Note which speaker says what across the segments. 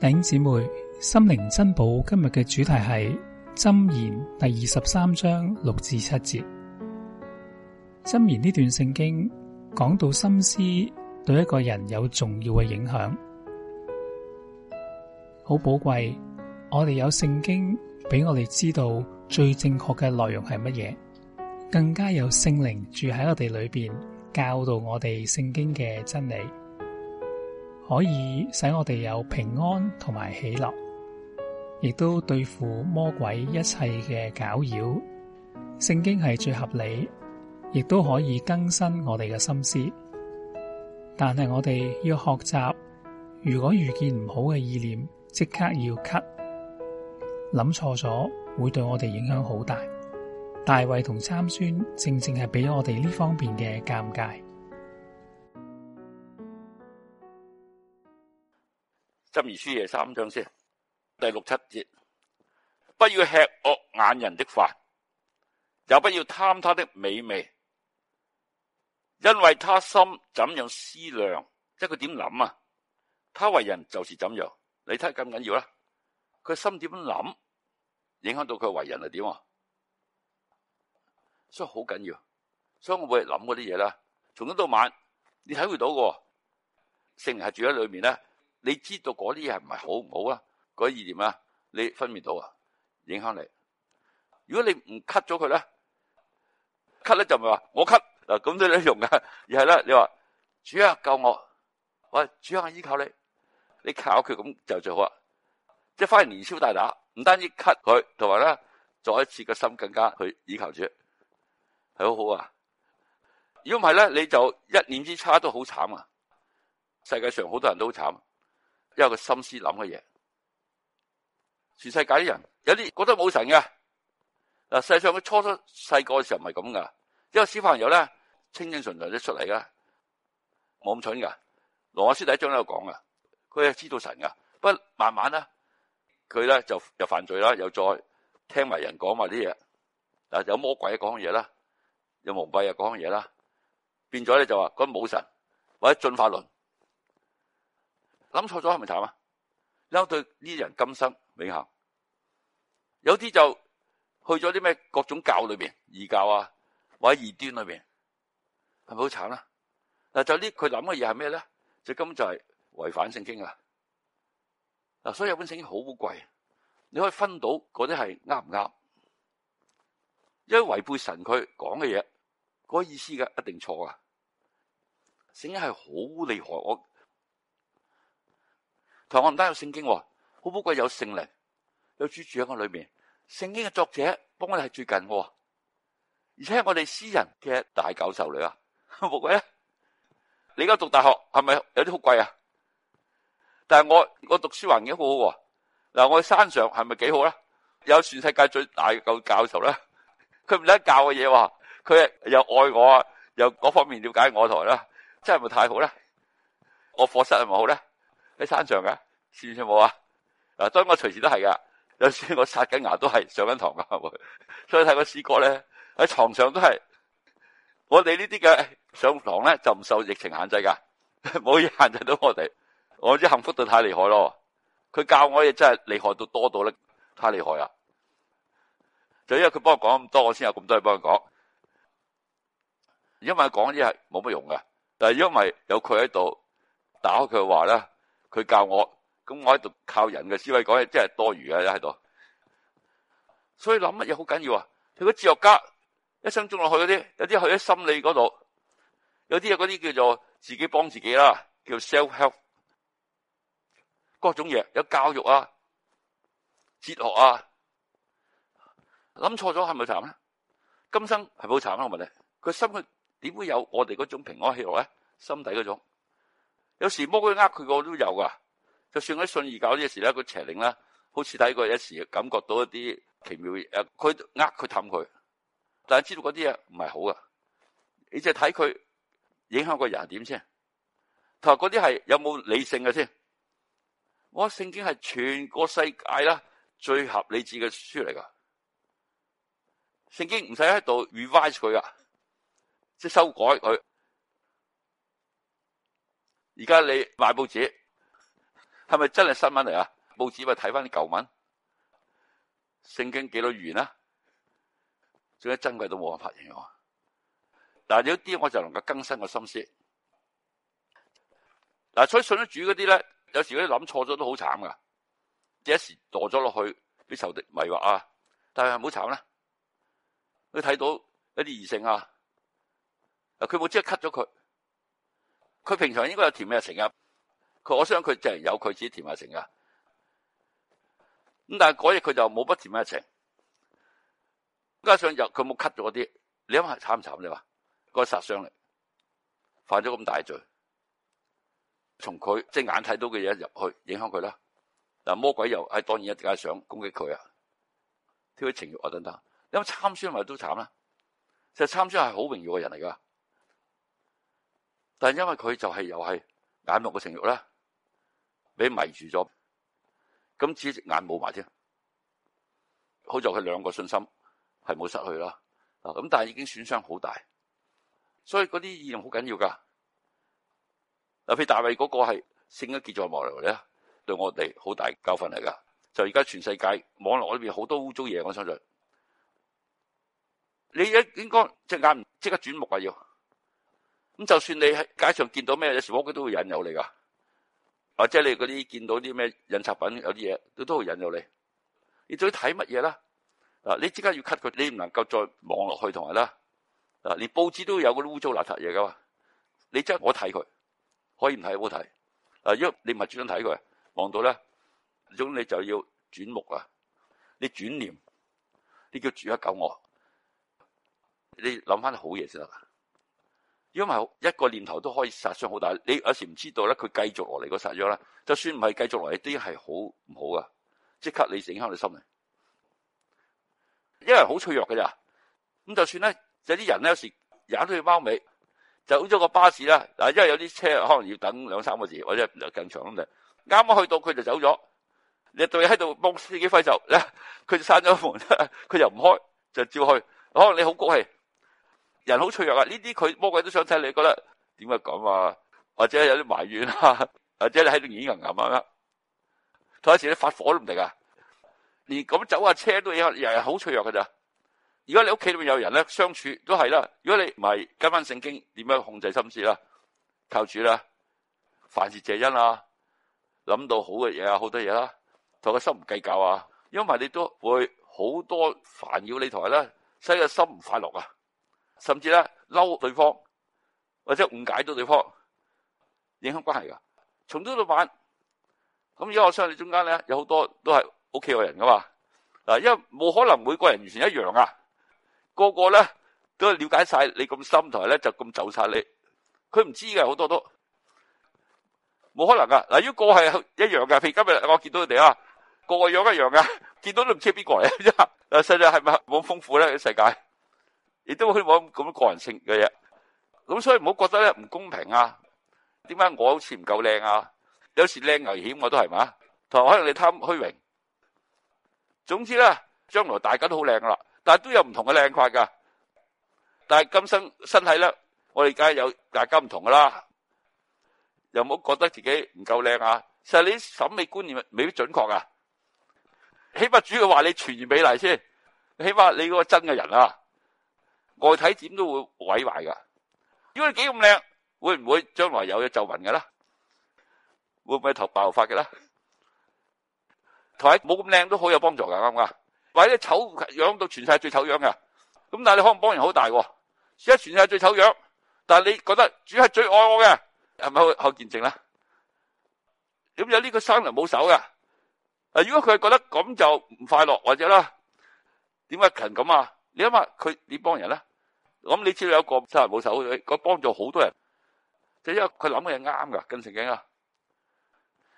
Speaker 1: 頂姊妹，心靈珍寶今日嘅主題係箴言第二十三章六至七節。箴言呢段聖經講到心思對一個人有重要嘅影響，好寶貴。我哋有聖經俾我哋知道最正確嘅內容係乜嘢，更加有聖靈住喺我哋裏邊教導我哋聖經嘅真理。可以使我哋有平安同埋喜樂，亦都對付魔鬼一切嘅攪擾。聖經係最合理，亦都可以更新我哋嘅心思。但係我哋要學習，如果遇見唔好嘅意念，即刻要咳。諗錯咗會對我哋影響好大。大衛同參孫正正係俾我哋呢方面嘅尷尬。箴言書廿三章先，第六七節，不要吃惡眼人的飯，又不要貪他的美味，因為他心怎樣思量，即係佢點諗啊？他為人就是怎樣，你睇緊唔緊要啦。佢心點諗，影響到佢為人係點啊？所以好緊要，所以我每日諗嗰啲嘢啦。從一到晚，你體會到嘅成日住喺裏面咧。你知道嗰啲嘢，係唔係好唔好啊？嗰啲意念啊？你分辨到啊？影響你。如果你唔 cut 咗佢咧，cut 咧就咪話我 cut 咁都有用嘅。而係咧，你話，主啊救我，喂主啊依靠你，你靠佢咁就最好。即係反而連消帶打，唔單止 cut 佢，同埋咧再一次個心更加去依靠主，係好好啊。如果唔係咧，你就一念之差都好慘啊！世界上好多人都好慘。因為佢心思諗嘅嘢，全世界啲人有啲覺得冇神嘅。世界上佢初出細個嘅時候唔係咁㗎，因為小朋友呢，清清純純啲出嚟㗎。冇咁蠢㗎，羅馬書第一章都度講㗎。佢係知道神㗎，不過慢慢呢，佢呢就又犯罪啦，又再聽埋人講埋啲嘢，嗱有魔鬼講嘢啦，有蒙蔽又講嘢啦，變咗咧就話佢冇神或者進化論。諗錯咗係咪慘啊？你對呢啲人今生永幸，有啲就去咗啲咩各種教裏邊異教啊，或者異端裏邊，係咪好慘咧？嗱，就呢佢諗嘅嘢係咩咧？就根本就係違反聖經噶啦。嗱，所以有本聖經好貴，你可以分到嗰啲係啱唔啱？因為違背神佢講嘅嘢，嗰意思嘅一定錯噶。聖經係好厲害，我。我唔單有聖經，好寶貴有聖靈，有主住喺我裏面。聖經嘅作者，幫我哋係最近嘅，而且是我哋私人嘅大教授嚟啊。好寶貴咧？你而家讀大學係咪有啲好貴啊？但係我我讀書環境好好喎，嗱我喺山上係咪幾好咧？有全世界最大嘅教教授咧，佢唔使教嘅嘢話，佢又愛我，又各方面了解我台啦，真係咪太好咧？我課室係咪好咧？喺山上嘅。算唔算冇啊？嗱，當我隨時都係噶，有時我刷緊牙都係上緊堂噶。所以睇個詩歌咧，喺床上都係我哋呢啲嘅上堂咧，就唔受疫情限制㗎，冇限制到我哋。我啲幸福度太厲害咯，佢教我嘢真係厲害到多到咧，太厲害啊！就因為佢幫我講咁多，我先有咁多嘢幫佢講。因為講嘢係冇乜用㗎，但係因為有佢喺度，打開佢話咧，佢教我。咁我喺度靠人嘅思維講嘢，真係多餘啊！喺度，所以諗乜嘢好緊要啊？如果哲學家一生中落去嗰啲，有啲去咗心理嗰度，有啲有嗰啲叫做自己幫自己啦，叫 self help，各種嘢有教育啊、哲學啊，諗錯咗係咪慘咧？今生係咪好慘啊！我問你，佢心裏點會有我哋嗰種平安喜樂咧？心底嗰種，有時摸佢呃佢個都有噶。就算喺信義教呢時咧，呢個邪靈咧，好似睇過有時，感覺到一啲奇妙嘅嘢。誒，佢呃佢氹佢，但係知道嗰啲嘢唔係好㗎，你就睇佢影響個人係點先，同埋嗰啲係有冇理性嘅先。我聖經係全個世界啦最合理智嘅書嚟噶，聖經唔使喺度 revise 佢啊，即係修改佢。而家你賣報紙。係咪真係新聞嚟啊？報紙咪睇翻啲舊文，聖經幾多言啊？仲有珍貴都冇辦法形容。嗱，有啲我就能夠更新我心思。嗱，所以信咗主嗰啲咧，有時嗰啲諗錯咗都好慘噶，即一時墮咗落去，俾仇敵迷惑啊！但係唔好慘啦，你睇到一啲異性啊，佢冇即刻 cut 咗佢，佢平常應該有甜味食啊。佢我相信佢淨係有佢自己填埋成㗎。咁但係嗰日佢就冇不填埋情，加上又佢冇 cut 咗啲，你諗下慘唔慘？你話個殺傷力犯咗咁大罪，從佢即眼睇到嘅嘢入去影響佢啦。嗱，魔鬼又係當然一直係想攻擊佢呀，挑起情欲啊等等。因為參孫咪都慘啦，其實參孫係好榮耀嘅人嚟㗎。但係因為佢就係又係眼目嘅情欲啦。俾迷住咗，咁隻眼冇埋添，好在佢兩個信心係冇失去啦。咁但係已經損傷好大，所以嗰啲意念好緊要噶。嗱，譬如大衛嗰個係聖嘅結在網裏咧，對我哋好大教訓嚟噶。就而家全世界網絡裏邊好多污糟嘢，我相信你一應該隻眼即刻轉目啊！要咁就算你喺街上見到咩嘢，屋企都會引誘你噶。或者你嗰啲見到啲咩印刷品有啲嘢都都會引誘你，你到底睇乜嘢呢？你即刻要 cut 佢，你唔能夠再望落去同埋啦。嗱，連報紙都有嗰啲污糟邋遢嘢噶嘛。你即我睇佢，可以唔睇好睇。嗱，因為你唔係專登睇佢，望到咧，總你就要轉目啊。你轉念，呢叫住一九我。你諗翻好嘢先得。因為一個念頭都可以殺傷好大，你有時唔知道咧，佢繼續落嚟個殺傷啦。就算唔係繼續落嚟，都係好唔好噶。即刻你影響你心啊，因為好脆弱嘅咋。咁就算咧，有啲人咧，有時踩到去貓尾，走咗個巴士啦。嗱，因為有啲車可能要等兩三個字或者更長咁嚟，啱啱去到佢就走咗。你對喺度幫司機揮手，佢就閂咗門，佢又唔開，就照去。可能你好谷氣。人好脆弱啊！呢啲佢魔鬼都想睇你，覺得點啊？講啊，或者有啲埋怨啊，或者你喺度演銀銀啊，同一時你發火都唔定啊！連咁走下車都日日好脆弱噶咋？如果你屋企裏面有人咧相處都係啦。如果你唔係跟翻聖經點樣控制心思啦？靠主啦，凡事謝恩啊，諗到好嘅嘢啊，好多嘢啦。同個心唔計較啊，因為你都會好多煩擾你同佢啦，使個心唔快樂啊！甚至咧嬲對方，或者誤解咗對方，影響關係噶。從中到板，咁而家我相信你中間咧有好多都係屋企嘅人噶嘛。嗱，因為冇可能每個人完全一樣啊，個個咧都係瞭解曬你咁深，同埋咧就咁走晒你，佢唔知嘅好多都冇可能噶。嗱，如果個係一樣嘅，譬如今日我見到佢哋啊，個個樣一樣嘅，見到都唔知邊個嚟？真係，世界係咪好豐富咧？世界？亦都去往咁個人性嘅嘢，咁所以唔好覺得咧唔公平啊，點解我好似唔夠靚啊？有時靚危險我都係嘛，同埋可能你貪虛榮。總之咧，將來大家都好靚噶啦，但係都有唔同嘅靚法噶。但係今生身體咧，我哋梗係有大家唔同噶啦，又冇覺得自己唔夠靚啊？其實你審美觀念未必準確啊。起碼主要話你全然美麗先，起碼你嗰個真嘅人啊。外體點都會毀壞噶，如果你幾咁靚，會唔會將來有咗皺紋嘅啦？會唔會頭爆發嘅啦？同埋冇咁靚都好有幫助噶，啱唔啱？或者醜樣到全世最醜樣嘅，咁但係你可能幫人好大。一全世最醜樣，但係你覺得主係最愛我嘅，係咪可見證咧？咁有呢個生人冇手嘅，啊，如果佢覺得咁就唔快樂，或者啦，點解勤咁啊？你諗下佢點幫人咧？咁你知道有一個真係冇手嘅，佢幫助好多人，就因為佢諗嘅係啱噶，咁情景啊，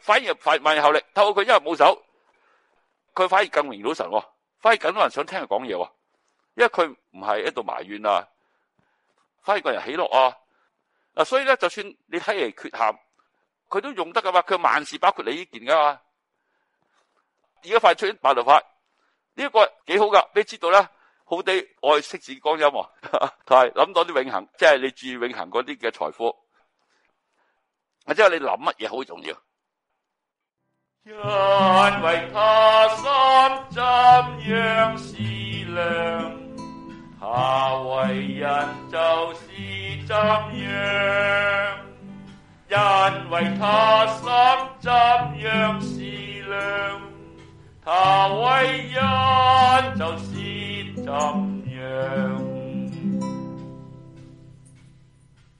Speaker 1: 反而反萬年後嚟，透過佢因為冇手，佢反而更榮耀神，反而更多人想聽佢講嘢，因為佢唔係喺度埋怨啊，反而個人喜樂啊，嗱，所以咧，就算你睇嚟缺陷，佢都用得噶嘛，佢萬事包括你呢件噶嘛，而家快出萬道法，呢一個幾好噶，你知道咧？好啲愛惜自己光陰喎，佢係諗到啲永恆，即係你注意永恆嗰啲嘅財富，即係你諗乜嘢好重要。因為祂心怎樣思量，祂為人就是怎樣。因為祂心怎樣。